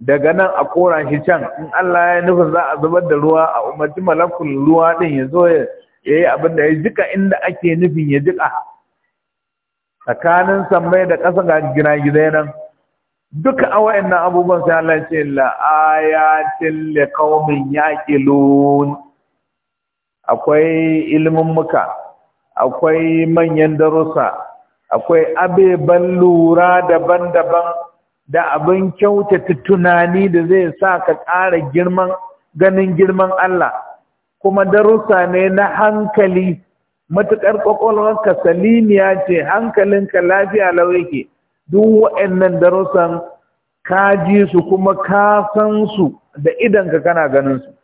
daga nan a kora shi can in Allah ya nufin za a zubar da ruwa a umarci malakul ruwa din ya zo ya ya yi abin da ya jika inda ake nufin ya jika tsakanin sammai da ƙasa ga gina-gina nan duka a wa'annan abubuwan sai Allah ce ya liqaumin yaqilun akwai ilimin muka akwai manyan darussa akwai abe ban lura daban-daban da abin kyautata tunani da zai sa ka ƙara girman ganin girman Allah kuma darussa ne na hankali matuƙar ƙwaƙwalwarka salimiya ce hankalinka lafiya lau yake duk waɗannan darussan ka ji su kuma ka san su da idanka kana ganin su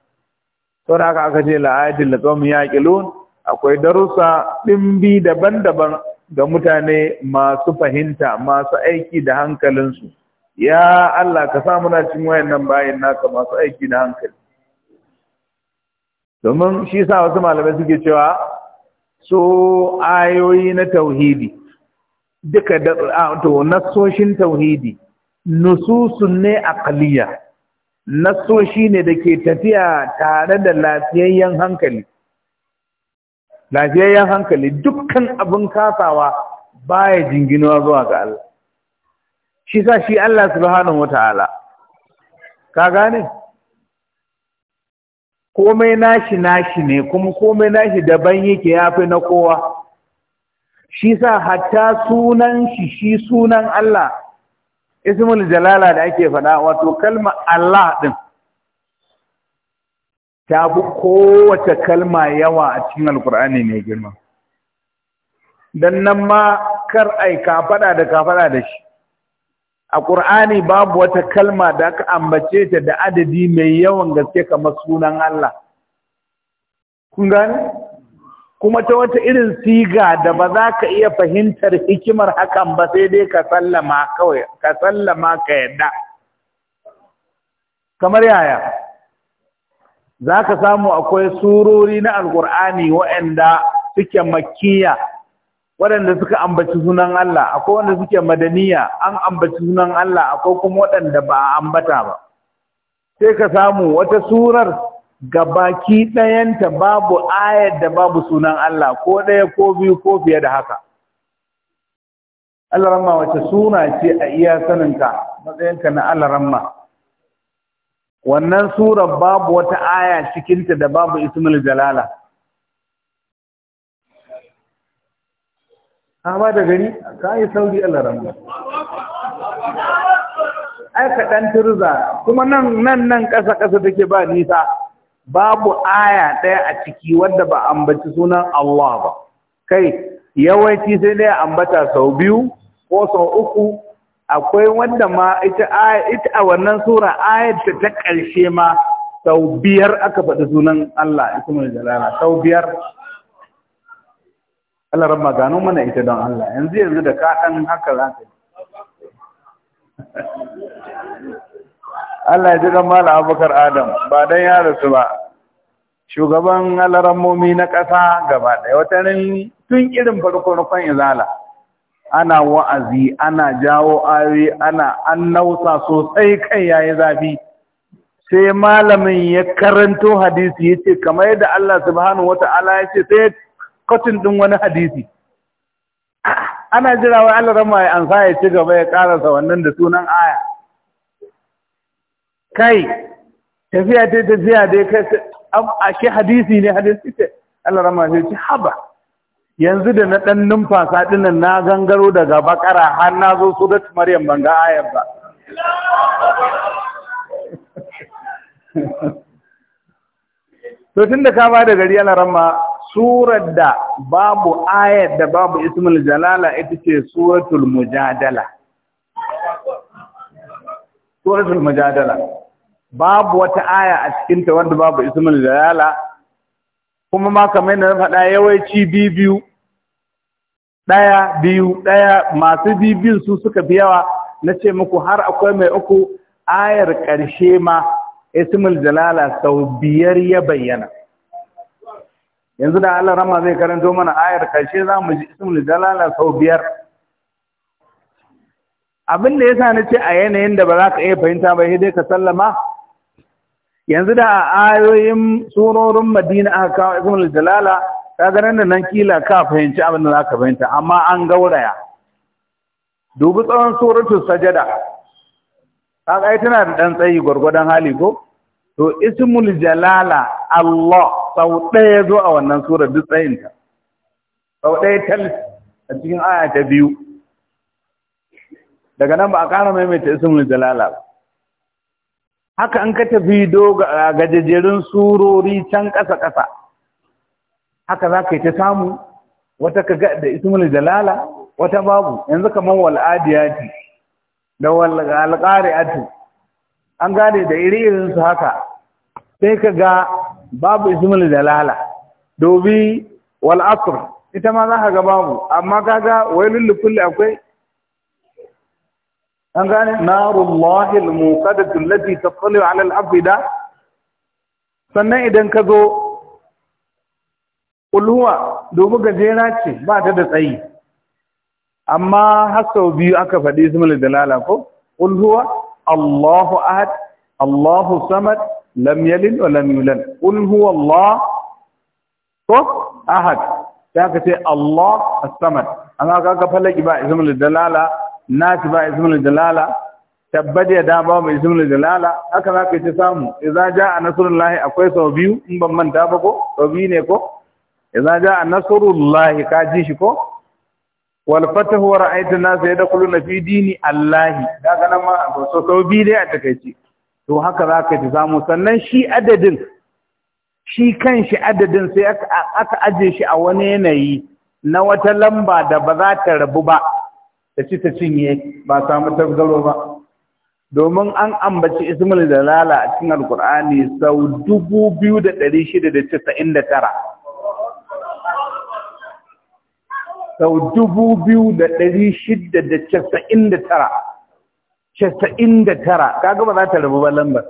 sau da aka ce la'adin da tsawon akwai darussa ɗimbi daban-daban ga mutane masu fahimta masu aiki da hankalinsu ya Allah ka sa muna cin wayannan bayin naka masu aiki da hankali domin shi sa wasu malamai suke cewa so ayoyi na tauhidi duka da to nasoshin tauhidi nususun ne aqliya Nasoshi ne da ke tafiya tare da lafiyayyen hankali lafiyayyen hankali dukkan abin kasawa baya jinginuwa zuwa ga Allah shi sa shi Allah subhanahu wataala ka gane komai nashi nashi ne kuma komai nashi daban yake yafi na kowa shi sa hatta sunan shi shi sunan Allah ismul jalala da ake faɗa wato kalma Allah ɗin. ta fi kowace kalma yawa a cikin alkur'ani ne girma dan nan ma kar ai ka faɗa da ka faɗa da shi a ƙur'ani babu wata kalma da aka ambace ta da adadi mai yawan gaske kamar sunan Allah kun gane kuma ta wata irin siga da ba za ka iya fahimtar hikimar hakan ba sai dai ka sallama kawai ka sallama ka yadda kamar yaya za ka samu akwai surori na alƙur'ani waɗanda suke makiya waɗanda suka ambaci sunan Allah akwai wanda suke madaniya an ambaci sunan Allah akwai kuma waɗanda ba a ambata ba sai ka samu wata surar gabaki ɗayanta babu ayar da babu sunan Allah ko ɗaya ko biyu ko fiye da haka alarama wace suna ce a iya saninka matsayinka na alarama wannan surar babu wata aya cikinta da babu ismul jalala amma da gani ka yi sauri a ramu ai ka turza kuma nan nan ƙasa ƙasa take ba nisa babu aya ɗaya a ciki wadda ba ambaci sunan Allah ba kai yawanci sai dai ambata sau biyu ko sau uku akwai wanda ma ita ita a wannan sura ayat ta ƙarshe ma sau biyar aka faɗi sunan Allah ismul jalala sau biyar Allah rabba gano mana ita don Allah yanzu yanzu da ka ɗan haka za ka Allah ya ji ɗan mala abubakar Adam ba don ya rasu ba shugaban alarammomi na ƙasa gaba ɗaya watanin tun irin farko-farkon izala ana wa'azi ana jawo ayoyi ana annausa sosai kai yayi zafi sai malamin ya karanto hadisi ya kamar yadda Allah subhanahu wata'ala ya ce sai Kotun ɗin wani hadisi ana jira wa Allah rama ya ansa ya ci gaba ya karasa wannan da sunan aya kai tafiya ta tafiya dai kai a shi hadisi ne hadisi ce Allah rama ya ci haba yanzu da na ɗan numfasa ɗinan na gangaro daga bakara har na zo surat maryam ban ga ayar ba to tun da ka ba da gari ana ramma surar da babu ayat da babu ismul jalala ita ce suratul mujadala suratul mujadala babu wata aya a cikinta wanda babu ismul jalala kuma ma kamar na faɗa yawanci biyu ɗaya biyu ɗaya masu biyu su suka fi yawa na ce muku har akwai mai uku ayar ƙarshe ma ismul jalala sau biyar ya bayyana yanzu da Allah rama zai karanto mana ayar karshe za mu ji ismul jalala sau biyar abin da yasa na ce a yanayin da ba za ka iya fahimta ba sai dai ka sallama yanzu da a ayoyin surorin madina aka kawo ismul jalala ka ga nan nan kila ka fahimci abin da za ka fahimta amma an gauraya dubi tsawon suratul sajada kaga ai tana da dan tsayi gwargwadon hali ko to ismul jalala Allah sau ɗaya zo a wannan sura duk ta. sau ɗaya tal a cikin aya ta biyu daga nan ba a ƙara maimaita ismul jalala ba haka an ka tafi doga surori can ƙasa-ƙasa haka za ka yi ta samu wata ka ga da ismul jalala wata babu yanzu kamar adiyati da wallaga ati. an gane da iri-irin su haka sai ka ga babu ismul dalala dobi wal asr ita ma za ka ga babu amma ka kaga wailul likulli akwai an gane narullahi almuqaddatu allati tattali 'ala al-afida sannan idan ka zo ulwa domin gajera ce ba ta da tsayi amma har sau biyu aka faɗi ismul dalala ko qul huwa Allahu ahad Allahu samad lam yalid wa lam yulad huwa Allah ko ahad da ka ce Allah as-samad amma kaga falaki ba ismul dalala ci ba ismul dalala tabbat da ba mai ismul dalala haka ka ce samu a jaa nasrullahi akwai sau biyu in ban manta ba ko sau biyu ne ko a jaa nasrullahi ka ji shi ko wal fatahu wa ra'aytu an-nasa yadkhuluna fi dini Allah daga nan ma so sau biyu dai a takeici to haka zaka ji zamu sannan shi adadin shi kanshi adadin sai aka aje shi a wani yanayi na wata lamba da ba za ta rabu ba ta ci ta cinye ba samu tasgaro ba domin an ambaci ismul dalala a cikin alqur'ani sau dubu biyu da ɗari shida da casa'in da tara sau dubu biyu da ɗari shida da casa'in da tara casa'in da tara kaga gaba za ta rabu ba lambar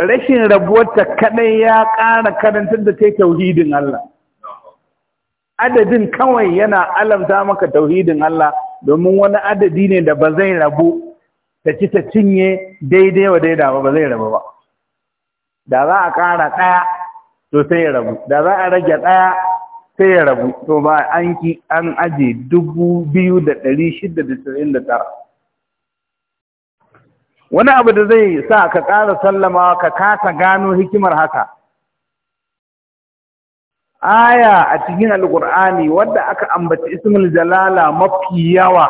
rashin rabuwar ta kaɗai ya ƙara karantar da yi tauhidin Allah adadin kawai yana alamta maka tauhidin Allah domin wani adadi ne da ba zai rabu ta ci ta cinye daidai wa daida ba zai rabu ba da za a ƙara ɗaya to sai ya rabu da za a rage ɗaya sai ya rabu to ba an ki an aje dubu biyu da ɗari shida da da tara wani abu da zai sa ka ƙara sallamawa ka kasa gano hikimar haka aya a cikin alƙur'ani wadda aka ambaci ismul jalala mafi yawa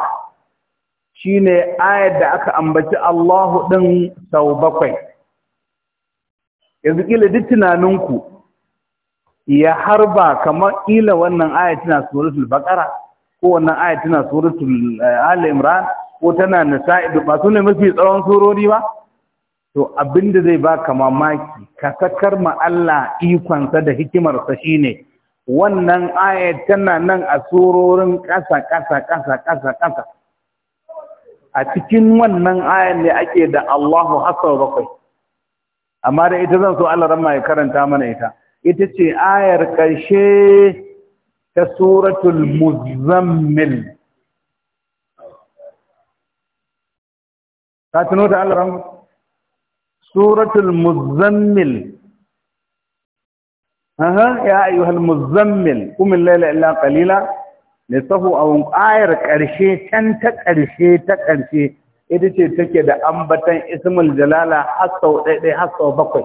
shine ayar da aka ambaci Allahu ɗin sau bakwai yanzu kila duk tunaninku ya harba kamar ila wannan aya tana suratul baqara ko wannan aya tana suratul eh, ali imran ko tana nisa'i ba su ne mafi tsawon surori ba to abinda zai baka mamaki ka sakar ma Allah ikonsa da hikimarsa shine wannan aya tana nan a surorin kasa-kasa-kasa-kasa-kasa. a cikin wannan ayan ne ake da Allahu hasar bakwai amma da ita zan so Allah ramma ya karanta mana ita ita ce ayar ƙarshe ta suratul muzammil ka tuno ta Allah suratul muzammil aha ya ayyuhal muzammil qum al-layla illa qalila nisahu aw ayar ƙarshe can ta ƙarshe ta ƙarshe ita ce take da ambatan ismul jalala har sau ɗaiɗai har sau bakwai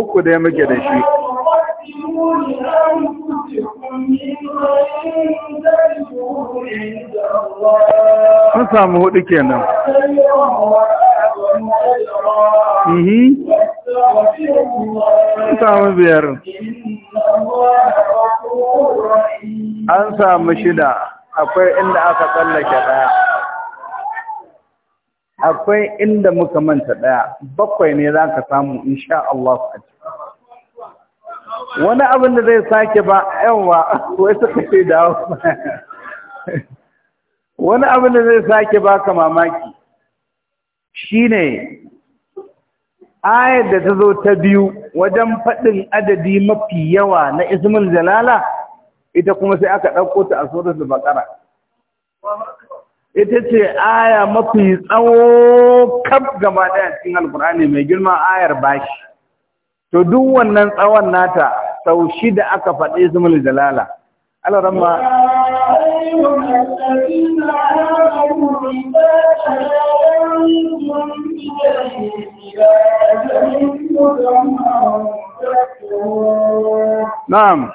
Uku dai muke da shi. Sun samu hudu kenan. Ihi? Sun samu biyar. An samu shida, akwai inda aka tsallake ɗaya. akwai inda muka manta ɗaya bakwai ne za ka samu insha Allah a ciki wani abin da zai sake ba yawa wai suka ce dawo wani abin da zai sake ba ka mamaki shine ayar da ta zo ta biyu wajen faɗin adadi mafi yawa na ismin jalala ita kuma sai aka ɗauko ta a da baƙara. ita ce aya mafi tsawo kaf gaba ɗaya cikin alkur'ani mai girma ayar bashi to duk wannan tsawon nata sau shida aka faɗi zumul jalala alaramma na'am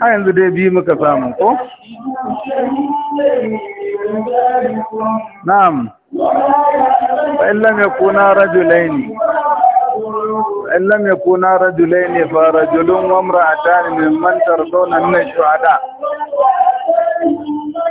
a yanzu dai biyu muka samu ko? na'am ba illa mai Na rajulai ne ba illa mai kuna rajulai ne ba rajulun wamra a tani mantar zonan na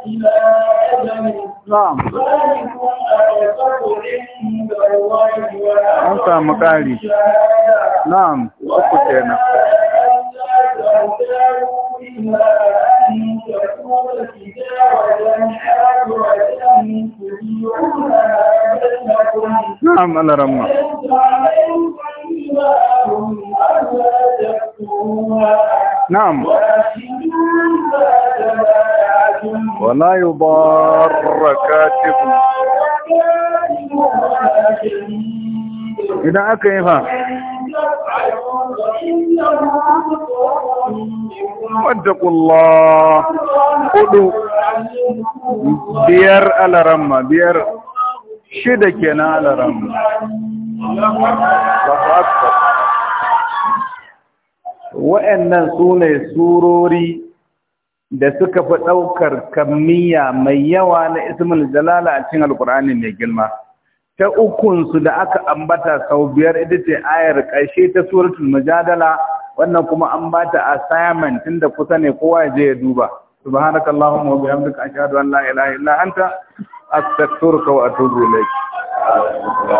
Na'am. Na'am. Na'am. Na'am. Na'am. Uku Na'am. Na'am. ولا يضار كاتب إذا أكيفا واتقوا الله قدوا بير على رمى بير شدكنا على رمى وأن أكبر wa'annan da suka fi ɗaukar kammiya mai yawa na ismin jalala a cikin alkur'ani mai girma ta ukunsu da aka ambata sau biyar ita ce ayar ƙarshe ta suratul mujadala wannan kuma an bata assignment da kusa ne kowa je ya duba subhanakallahu wa bihamdika ashhadu an la ilaha illa anta astaghfiruka wa atubu ilayk